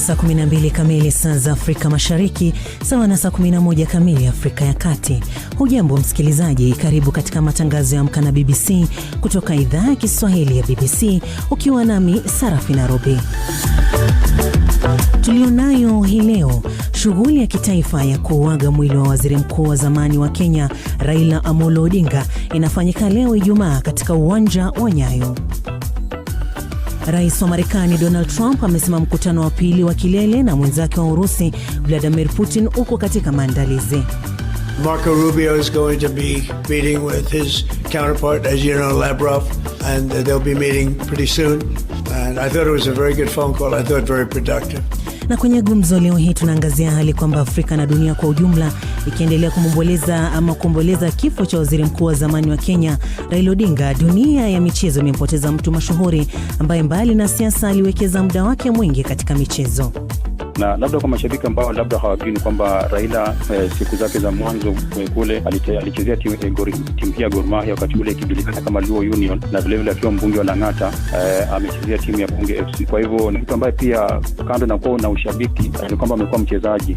saa 12 kamili saa za Afrika Mashariki, sawa na saa 11 kamili Afrika ya Kati. Hujambo msikilizaji, karibu katika matangazo ya Amka na BBC kutoka idhaa ya Kiswahili ya BBC, ukiwa nami sarafi Robi. Tulionayo hii leo Shughuli ya kitaifa ya kuuaga mwili wa waziri mkuu wa zamani wa Kenya Raila Amolo Odinga inafanyika leo Ijumaa katika uwanja wa Nyayo. Rais wa Marekani Donald Trump amesema mkutano wa pili wa kilele na mwenzake wa Urusi Vladimir Putin uko katika maandalizi. Marco Rubio is going to be meeting with his counterpart, as you know, Lavrov, and they'll be meeting pretty soon. And I thought it was a very good phone call. I thought very productive. Na kwenye gumzo leo hii tunaangazia hali kwamba Afrika na dunia kwa ujumla ikiendelea kumwomboleza ama kuomboleza kifo cha waziri mkuu wa zamani wa Kenya Raila Odinga. Dunia ya michezo imempoteza mtu mashuhuri ambaye mbali na siasa aliwekeza muda wake mwingi katika michezo na labda kwa mashabiki ambao labda hawajui ni kwamba Raila eh, siku zake za mwanzo eh, kule alichezea timu hii eh, ya Gor Mahia wakati ule ikijulikana kama Luo Union, na vilevile akiwa mbunge wa Lang'ata eh, amechezea timu ya Bunge FC. Kwa hivyo ni mtu ambaye pia kando na kuwa na ushabiki eh, ni kwamba amekuwa mchezaji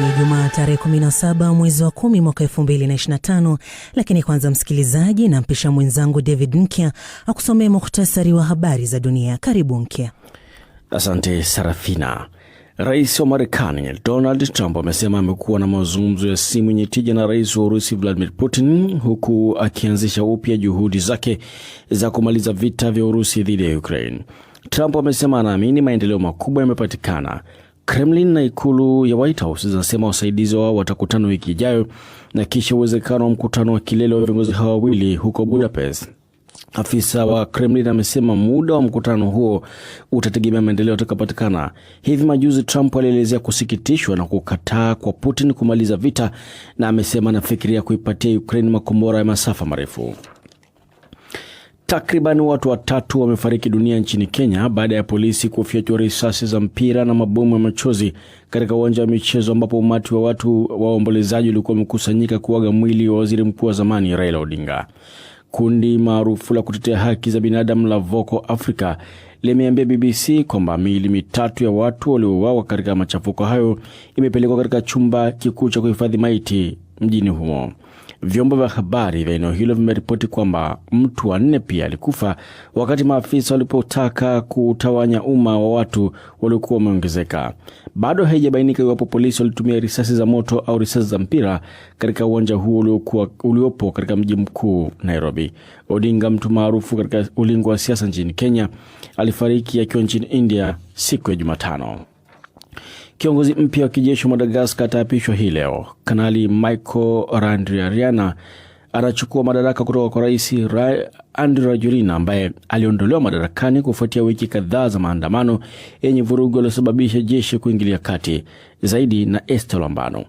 ni Jumaa tarehe 17 mwezi wa 1 mwaka 225 lakini kwanza, msikilizaji, nampisha mwenzangu David Nkya akusomee muhtasari wa habari za dunia. Karibu Nkya. Asante Sarafina. Rais wa Marekani Donald Trump amesema amekuwa na mazungumzo ya simu yenye tija na rais wa Urusi Vladimir Putin, huku akianzisha upya juhudi zake za kumaliza vita vya Urusi dhidi ya Ukraine. Trump amesema anaamini maendeleo makubwa yamepatikana Kremlin na ikulu ya White House zinasema wasaidizi wao watakutana wiki ijayo na kisha uwezekano wa mkutano wa kilele wa viongozi hao wawili huko Budapest. Afisa wa Kremlin amesema muda wa mkutano huo utategemea maendeleo yatakapatikana. Hivi majuzi, Trump alielezea kusikitishwa na kukataa kwa Putin kumaliza vita na amesema anafikiria kuipatia Ukraine makombora ya masafa marefu. Takriban watu watatu wamefariki dunia nchini Kenya baada ya polisi kufyatua risasi za mpira na mabomu ya machozi katika uwanja wa michezo ambapo umati wa watu waombolezaji ulikuwa umekusanyika kuaga mwili wa waziri mkuu wa zamani Raila Odinga. Kundi maarufu la kutetea haki za binadamu la voko Africa limeambia BBC kwamba miili mitatu ya watu waliouawa katika machafuko hayo imepelekwa katika chumba kikuu cha kuhifadhi maiti mjini humo. Vyombo vya habari vya eneo hilo vimeripoti kwamba mtu wanne pia alikufa wakati maafisa walipotaka kutawanya umma wa watu waliokuwa wameongezeka. Bado haijabainika iwapo polisi walitumia risasi za moto au risasi za mpira katika uwanja huo uliopo katika mji mkuu Nairobi. Odinga, mtu maarufu katika ulingo wa siasa nchini Kenya, alifariki akiwa nchini India siku ya Jumatano. Kiongozi mpya wa kijeshi wa Madagaskar ataapishwa hii leo. Kanali Michael Randrianirina anachukua madaraka kutoka kwa rais Ra Andry Rajoelina ambaye aliondolewa madarakani kufuatia wiki kadhaa za maandamano yenye vurugu yaliyosababisha jeshi kuingilia kati zaidi na Esther Lwambano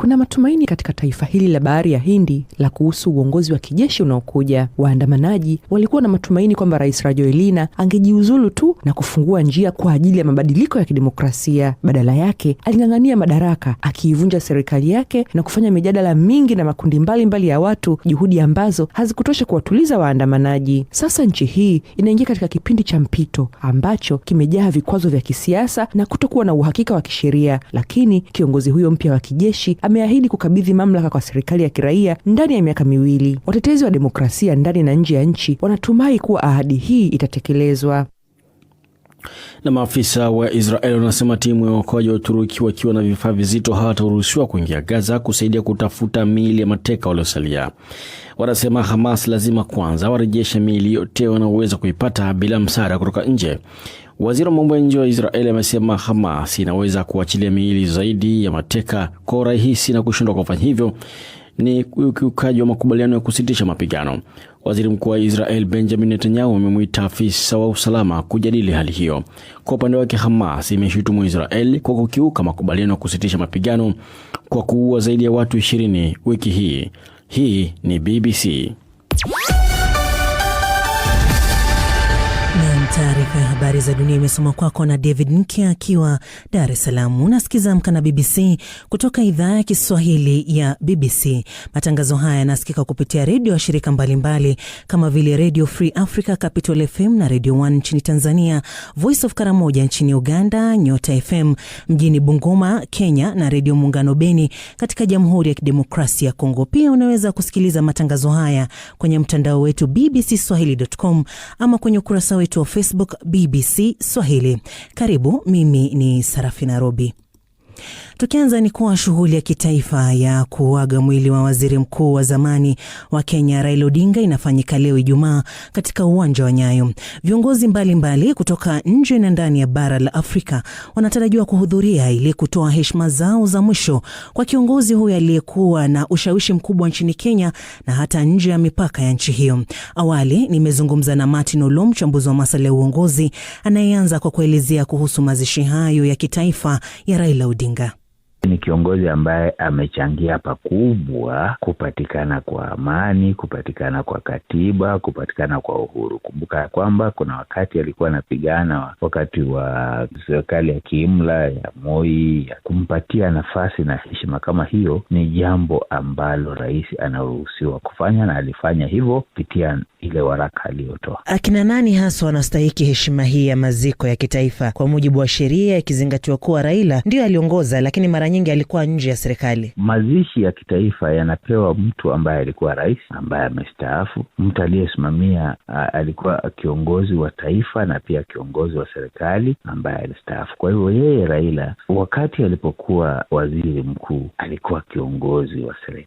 kuna matumaini katika taifa hili la bahari ya Hindi la kuhusu uongozi wa kijeshi unaokuja. Waandamanaji walikuwa na matumaini kwamba Rais Rajoelina angejiuzulu tu na kufungua njia kwa ajili ya mabadiliko ya kidemokrasia. Badala yake aling'ang'ania madaraka akiivunja serikali yake na kufanya mijadala mingi na makundi mbalimbali mbali ya watu, juhudi ambazo hazikutosha kuwatuliza waandamanaji. Sasa nchi hii inaingia katika kipindi cha mpito ambacho kimejaa vikwazo vya kisiasa na kutokuwa na uhakika wa kisheria, lakini kiongozi huyo mpya wa kijeshi ameahidi kukabidhi mamlaka kwa serikali ya kiraia ndani ya miaka miwili. Watetezi wa demokrasia ndani na nje ya nchi wanatumai kuwa ahadi hii itatekelezwa. Na maafisa wa Israeli wanasema timu ya uokoaji wa Uturuki wakiwa na vifaa vizito hawataruhusiwa kuingia Gaza kusaidia kutafuta miili ya mateka waliosalia. Wanasema Hamas lazima kwanza warejeshe miili yote wanaoweza kuipata bila msaada kutoka nje. Waziri wa mambo ya nje wa Israeli amesema Hamas inaweza kuachilia miili zaidi ya mateka kwa urahisi na kushindwa kufanya hivyo ni ukiukaji wa makubaliano ya kusitisha mapigano. Waziri mkuu wa Israel Benjamin Netanyahu amemwita afisa wa usalama kujadili hali hiyo. Kwa upande wake, Hamas imeshutumu Israel kwa kukiuka makubaliano ya kusitisha mapigano kwa kuua zaidi ya watu ishirini wiki hii. Hii ni BBC. Taarifa ya habari za dunia imesoma kwako na David nke akiwa Dar es Salaam. Unasikiza Amka na BBC kutoka idhaa ya Kiswahili ya BBC. Matangazo haya yanasikika kupitia redio shirika mbalimbali kama vile Redio Free Africa, Capital FM na Redio One nchini Tanzania, Voice of Karamoja nchini Uganda, Nyota FM mjini Bungoma, Kenya na Redio Muungano Beni katika Jamhuri ya Kidemokrasia ya Kongo. Pia unaweza kusikiliza matangazo haya kwenye mtandao wetu swahilicom ama kwenye ukurasa wetu wa Facebook Facebook BBC Swahili. Karibu, mimi ni Sarafi Nairobi. Tukianza ni kuwa shughuli ya kitaifa ya kuaga mwili wa waziri mkuu wa zamani wa Kenya Raila Odinga inafanyika leo Ijumaa katika uwanja wa Nyayo. Viongozi mbalimbali mbali kutoka nje na ndani ya bara la Afrika wanatarajiwa kuhudhuria ili kutoa heshima zao za mwisho kwa kiongozi huyo aliyekuwa na ushawishi mkubwa nchini Kenya na hata nje ya mipaka ya nchi hiyo. Awali nimezungumza na Martin Olo, mchambuzi wa masuala ya uongozi, anayeanza kwa kuelezea kuhusu mazishi hayo ya kitaifa ya Raila Odinga. Ni kiongozi ambaye amechangia pakubwa kupatikana kwa amani, kupatikana kwa katiba, kupatikana kwa uhuru. Kumbuka ya kwamba kuna wakati alikuwa anapigana wakati wa serikali ya kiimla ya Moi. Ya kumpatia nafasi na heshima kama hiyo ni jambo ambalo rais anaruhusiwa kufanya, na alifanya hivyo kupitia ile waraka aliyotoa. Akina nani haswa wanastahiki heshima hii ya maziko ya kitaifa kwa mujibu wa sheria, ikizingatiwa kuwa Raila ndiyo aliongoza, lakini mara nyingi alikuwa nje ya serikali. Mazishi ya kitaifa yanapewa mtu ambaye alikuwa rais, ambaye amestaafu, mtu aliyesimamia, alikuwa kiongozi wa taifa na pia kiongozi wa serikali ambaye alistaafu. Kwa hivyo, yeye Raila wakati alipokuwa waziri mkuu alikuwa kiongozi wa serikali.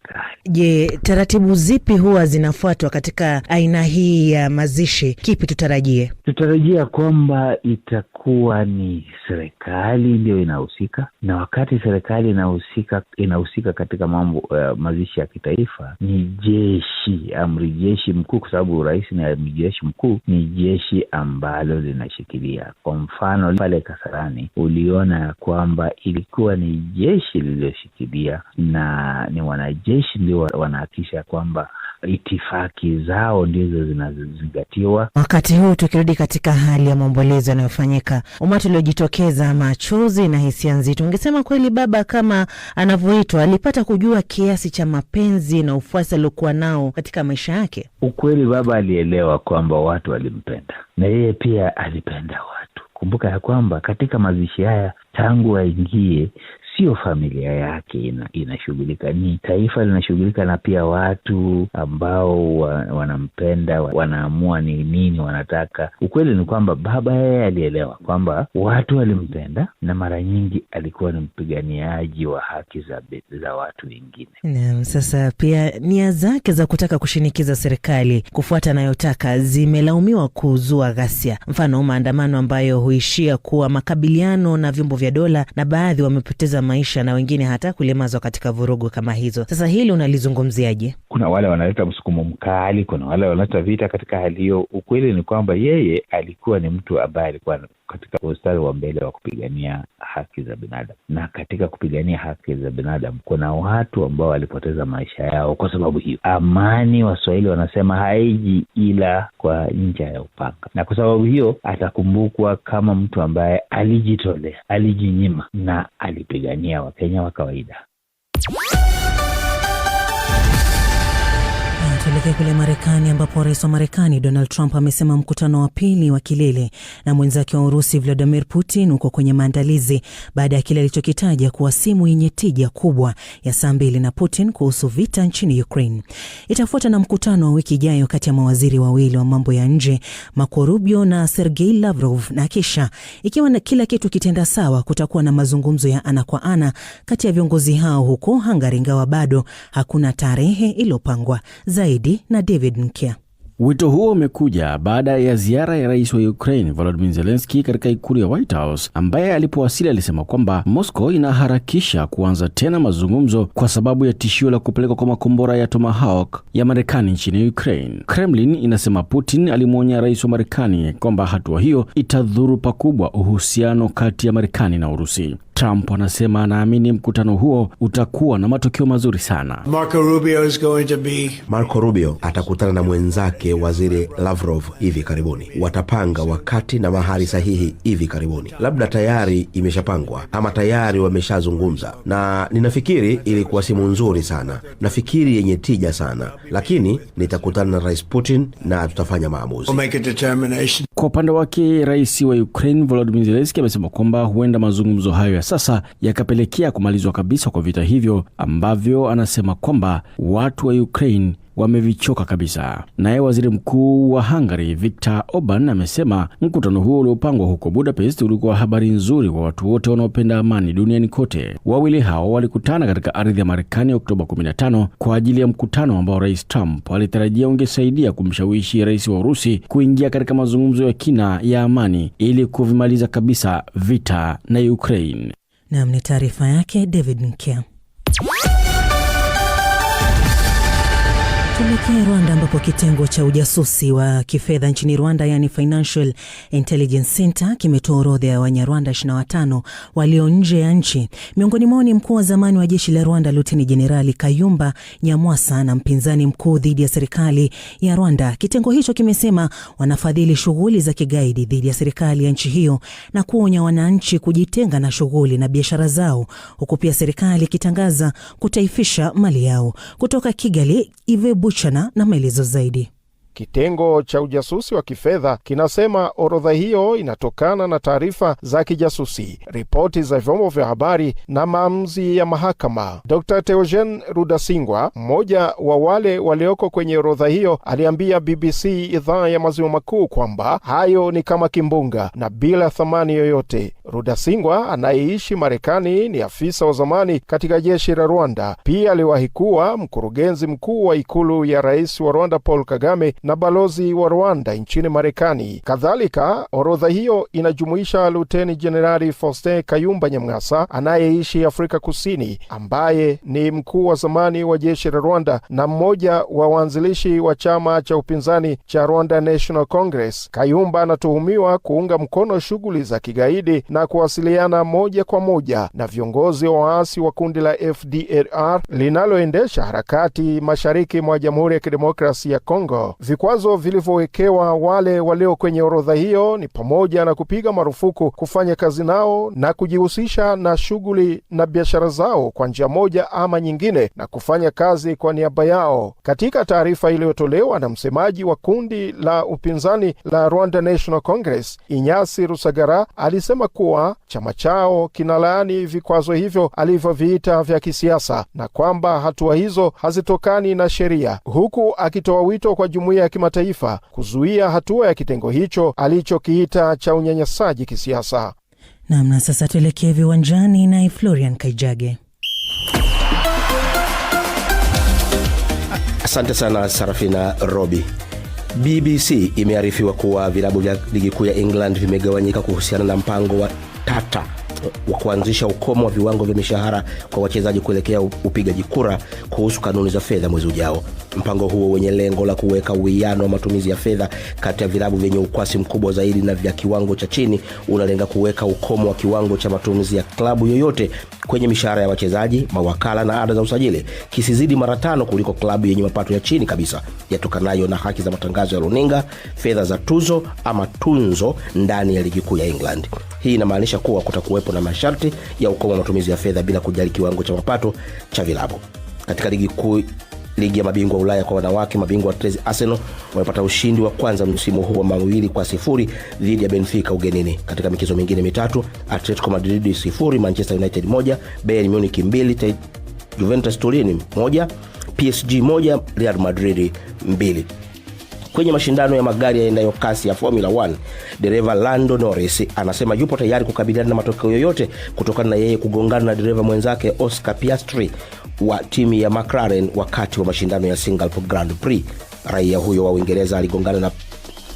Je, taratibu zipi huwa zinafuatwa katika aina hii ya mazishi, kipi tutarajie? Tutarajia kwamba itakuwa ni serikali ndiyo inahusika, na wakati serikali inahusika inahusika katika mambo uh, mazishi ya kitaifa, ni jeshi, amri jeshi mkuu, kwa sababu rais ni amri jeshi mkuu, ni jeshi ambalo linashikilia. Kwa mfano pale Kasarani uliona ya kwamba ilikuwa ni jeshi lililoshikilia na ni wanajeshi ndio wanaakisha kwamba itifaki zao ndio hizo zinazozingatiwa. Wakati huu tukirudi katika hali ya maombolezo yanayofanyika, umati uliojitokeza, machozi na hisia nzito, ungesema kweli baba kama anavyoitwa alipata kujua kiasi cha mapenzi na ufuasi aliokuwa nao katika maisha yake? Ukweli baba alielewa kwamba watu walimpenda na yeye pia alipenda watu. Kumbuka ya kwamba katika mazishi haya tangu aingie sio familia yake ina, inashughulika, ni taifa linashughulika, na pia watu ambao wanampenda wanaamua ni nini wanataka. Ukweli ni kwamba baba yeye alielewa kwamba watu walimpenda na mara nyingi alikuwa ni mpiganiaji wa haki za, za watu wengine. Naam, sasa pia nia zake za kutaka kushinikiza serikali kufuata anayotaka zimelaumiwa kuzua ghasia, mfano maandamano ambayo huishia kuwa makabiliano na vyombo vya dola na baadhi wamepoteza maisha na wengine hata kulemazwa katika vurugu kama hizo. Sasa hili unalizungumziaje? Kuna wale wanaleta msukumo mkali, kuna wale wanaleta vita. Katika hali hiyo, ukweli ni kwamba yeye alikuwa ni mtu ambaye alikuwa katika ustari wa mbele wa kupigania haki za binadamu, na katika kupigania haki za binadamu kuna watu ambao walipoteza maisha yao kwa sababu hiyo. Amani, Waswahili wanasema haiji ila kwa ncha ya upanga, na kwa sababu hiyo atakumbukwa kama mtu ambaye alijitolea, alijinyima na alipigania Wakenya wa kawaida. Tuelekee kule Marekani ambapo rais wa Marekani Donald Trump amesema mkutano wa pili wa kilele na mwenzake wa Urusi Vladimir Putin uko kwenye maandalizi baada ya kile alichokitaja kuwa simu yenye tija kubwa ya saa mbili na Putin kuhusu vita nchini Ukraine. Itafuata na mkutano wa wiki ijayo kati ya mawaziri wawili wa mambo ya nje Marco Rubio na Sergei Lavrov, na kisha ikiwa na kila kitu kitenda sawa, kutakuwa na mazungumzo ya ana kwa ana kati ya viongozi hao huko Hungary, ingawa bado hakuna tarehe iliyopangwa zaidi zaidi na David Mkia. Wito huo umekuja baada ya ziara ya rais wa Ukraine Volodymyr Zelensky katika ikulu ya White House, ambaye alipowasili alisema kwamba Moscow inaharakisha kuanza tena mazungumzo kwa sababu ya tishio la kupelekwa kwa makombora ya Tomahawk ya Marekani nchini Ukraine. Kremlin inasema Putin alimwonya rais wa Marekani kwamba hatua hiyo itadhuru pakubwa uhusiano kati ya Marekani na Urusi. Trump anasema anaamini mkutano huo utakuwa na matokeo mazuri sana. Marco Rubio, is going to be... Marco Rubio atakutana na mwenzake waziri Lavrov hivi karibuni. Watapanga wakati na mahali sahihi hivi karibuni, labda tayari imeshapangwa ama tayari wameshazungumza, na ninafikiri ilikuwa simu nzuri sana, nafikiri yenye tija sana, lakini nitakutana na rais Putin na tutafanya maamuzi. We'll kwa upande wake rais wa Ukraine volodimir zelenski amesema kwamba huenda mazungumzo hayo ya sasa yakapelekea kumalizwa kabisa kwa vita hivyo ambavyo anasema kwamba watu wa Ukraine wamevichoka kabisa. Naye waziri mkuu wa Hungary Viktor Orban amesema mkutano huo uliopangwa huko Budapest ulikuwa habari nzuri kwa watu wote wanaopenda amani duniani kote. Wawili hao walikutana katika ardhi ya Marekani Oktoba 15 kwa ajili ya mkutano ambao Rais Trump alitarajia ungesaidia kumshawishi rais wa Urusi kuingia katika mazungumzo ya kina ya amani ili kuvimaliza kabisa vita na Ukraine. Nam ni taarifa yake David Nkya. Tuelekee Rwanda ambapo kitengo cha ujasusi wa kifedha nchini Rwanda yani Financial Intelligence Center kimetoa orodha ya Wanyarwanda 25 walio nje ya nchi. Miongoni mwao ni mkuu wa zamani wa jeshi la Rwanda Luteni Jenerali Kayumba Nyamwasa na mpinzani mkuu dhidi ya serikali ya Rwanda. Kitengo hicho kimesema wanafadhili shughuli za kigaidi dhidi ya serikali ya nchi hiyo na kuonya wananchi kujitenga na shughuli na biashara zao, huku pia serikali ikitangaza kutaifisha mali yao. Kutoka Kigali, Ive Buchana na maelezo zaidi. Kitengo cha ujasusi wa kifedha kinasema orodha hiyo inatokana na taarifa za kijasusi, ripoti za vyombo vya habari na maamuzi ya mahakama. Dr Teogen Rudasingwa, mmoja wa wale walioko kwenye orodha hiyo, aliambia BBC idhaa ya maziwa makuu kwamba hayo ni kama kimbunga na bila thamani yoyote. Rudasingwa anayeishi Marekani ni afisa wa zamani katika jeshi la Rwanda. Pia aliwahi kuwa mkurugenzi mkuu wa ikulu ya rais wa Rwanda Paul Kagame na balozi wa Rwanda nchini Marekani. Kadhalika, orodha hiyo inajumuisha Luteni Jenerali Faustin Kayumba Nyamwasa anayeishi Afrika Kusini, ambaye ni mkuu wa zamani wa jeshi la Rwanda na mmoja wa waanzilishi wa chama cha upinzani cha Rwanda National Congress. Kayumba anatuhumiwa kuunga mkono shughuli za kigaidi na kuwasiliana moja kwa moja na viongozi wa waasi wa kundi la FDLR linaloendesha harakati mashariki mwa Jamhuri ya Kidemokrasi ya Kongo. Vikwazo vilivyowekewa wale walio kwenye orodha hiyo ni pamoja na kupiga marufuku kufanya kazi nao na kujihusisha na shughuli na biashara zao kwa njia moja ama nyingine, na kufanya kazi kwa niaba yao. Katika taarifa iliyotolewa na msemaji wa kundi la upinzani la Rwanda National Congress, Inyasi Rusagara alisema kuwa chama chao kinalaani vikwazo hivyo alivyoviita vya kisiasa na kwamba hatua hizo hazitokani na sheria, huku akitoa wito kwa jumuiya ya kimataifa kuzuia hatua ya kitengo hicho alichokiita cha unyanyasaji kisiasa. Nam, na sasa tuelekee viwanjani naye Florian Kaijage. Asante sana Sarafina Robi. BBC imearifiwa kuwa vilabu vya ligi kuu ya England vimegawanyika kuhusiana na mpango wa tata wa kuanzisha ukomo wa viwango vya mishahara kwa wachezaji kuelekea upigaji kura kuhusu kanuni za fedha mwezi ujao. Mpango huo wenye lengo la kuweka uwiano wa matumizi ya fedha kati ya vilabu vyenye ukwasi mkubwa zaidi na vya kiwango cha chini unalenga kuweka ukomo wa kiwango cha matumizi ya klabu yoyote kwenye mishahara ya wachezaji, mawakala na ada za usajili kisizidi mara tano kuliko klabu yenye mapato ya chini kabisa yatokanayo na haki za matangazo ya runinga, fedha za tuzo ama tunzo ndani ya ligi kuu ya England. Hii inamaanisha kuwa kutakuwepo na masharti ya ukomo wa matumizi ya fedha bila kujali kiwango cha mapato cha vilabu. Katika ligi kuu ligi ya mabingwa Ulaya kwa wanawake, mabingwa watetezi Arsenal wamepata ushindi wa kwanza msimu huu wa mawili kwa sifuri dhidi ya Benfica ugenini. Katika michezo mingine mitatu, Atletico Madrid sifuri, Manchester United moja, bern Munich mbili, Juventus turini moja, PSG moja, Real Madrid mbili kwenye mashindano ya magari yaendayo kasi ya Formula 1. Dereva Lando Norris anasema yupo tayari kukabiliana na matokeo yoyote kutokana na yeye kugongana na dereva mwenzake Oscar Piastri wa timu ya McLaren wakati wa mashindano ya Singapore Grand Prix. Raia huyo wa Uingereza aligongana na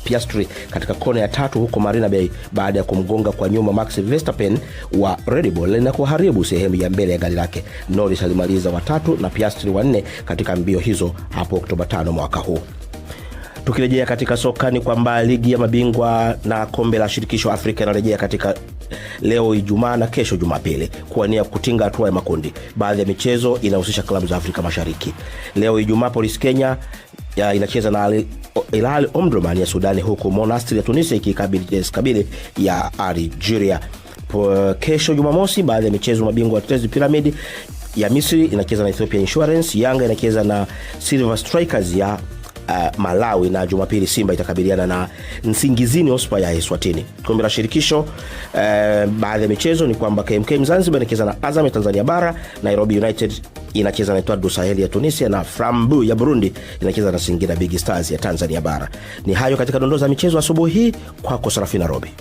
Piastri katika kona ya tatu huko Marina Bay baada ya kumgonga kwa nyuma Max Verstappen wa Red Bull na kuharibu sehemu ya mbele ya gari lake. Norris alimaliza watatu na Piastri wanne katika mbio hizo hapo Oktoba 5 mwaka huu. Tukirejea katika soka ni kwamba ligi ya mabingwa na kombe la shirikisho Afrika inarejea katika leo Ijumaa na kesho Jumapili kuwania kutinga hatua ya makundi. Baadhi ya michezo inahusisha klabu za Afrika Mashariki. Leo Ijumaa, polis Kenya ya inacheza na ilal omdroman ya Sudani, huku Monastri ya Tunisia ikikabili ya Algeria. Kesho Jumamosi, baadhi ya michezo mabingwa tezi Piramidi ya Misri inacheza na Ethiopia Insurance. Yanga inacheza na Silver Strikers ya uh, Malawi na Jumapili Simba itakabiliana na Nsingizini Ospa ya Eswatini. Kombe la shirikisho uh, baadhi ya michezo ni kwamba kmk Zanzibar inacheza na Azam ya Tanzania Bara, Nairobi United inacheza na Etoile du Sahel ya Tunisia na frambu ya Burundi inacheza na Singida Big Stars ya Tanzania Bara. Ni hayo katika dondoo za michezo asubuhi. Kwako Sarafina Robi.